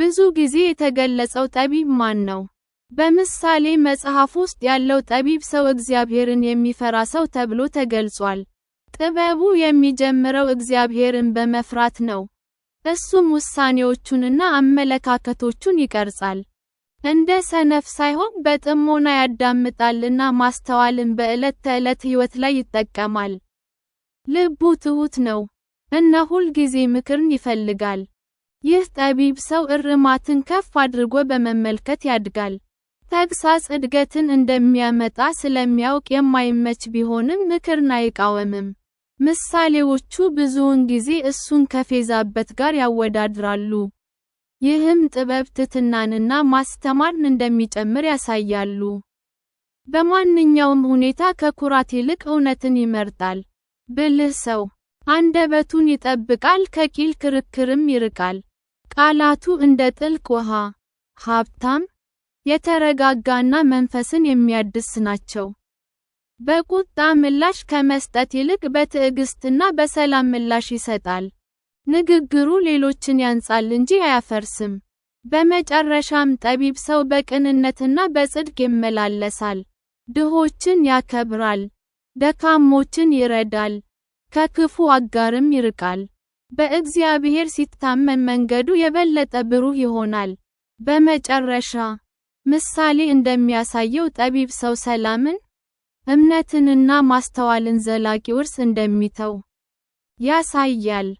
ብዙ ጊዜ የተገለጸው ጠቢብ ማን ነው? በምሳሌ መጽሐፍ ውስጥ ያለው ጠቢብ ሰው እግዚአብሔርን የሚፈራ ሰው ተብሎ ተገልጿል። ጥበቡ የሚጀምረው እግዚአብሔርን በመፍራት ነው። እሱም ውሳኔዎቹንና አመለካከቶቹን ይቀርጻል። እንደ ሰነፍ ሳይሆን በጥሞና ያዳምጣልና ማስተዋልን በዕለት ተዕለት ሕይወት ላይ ይጠቀማል። ልቡ ትሑት ነው እና ሁል ጊዜ ምክርን ይፈልጋል። ይህ ጠቢብ ሰው እርማትን ከፍ አድርጎ በመመልከት ያድጋል። ተግሳጽ እድገትን እንደሚያመጣ ስለሚያውቅ የማይመች ቢሆንም ምክርን አይቃወምም። ምሳሌዎቹ ብዙውን ጊዜ እሱን ከፌዛበት ጋር ያወዳድራሉ። ይህም ጥበብ ትትናንና ማስተማርን እንደሚጨምር ያሳያሉ። በማንኛውም ሁኔታ ከኩራት ይልቅ እውነትን ይመርጣል። ብልህ ሰው አንደበቱን ይጠብቃል ከቂል ክርክርም ይርቃል። ቃላቱ እንደ ጥልቅ ውሃ፣ ሀብታም፣ የተረጋጋና መንፈስን የሚያድስ ናቸው። በቁጣ ምላሽ ከመስጠት ይልቅ በትዕግስትና በሰላም ምላሽ ይሰጣል። ንግግሩ ሌሎችን ያንጻል እንጂ አያፈርስም። በመጨረሻም ጠቢብ ሰው በቅንነትና በጽድቅ ይመላለሳል። ድሆችን ያከብራል፣ ደካሞችን ይረዳል፣ ከክፉ አጋርም ይርቃል። በእግዚአብሔር ሲታመን መንገዱ የበለጠ ብሩህ ይሆናል። በመጨረሻ፣ ምሳሌ እንደሚያሳየው ጠቢብ ሰው ሰላምን፣ እምነትንና ማስተዋልን ዘላቂ ውርስ እንደሚተው ያሳያል።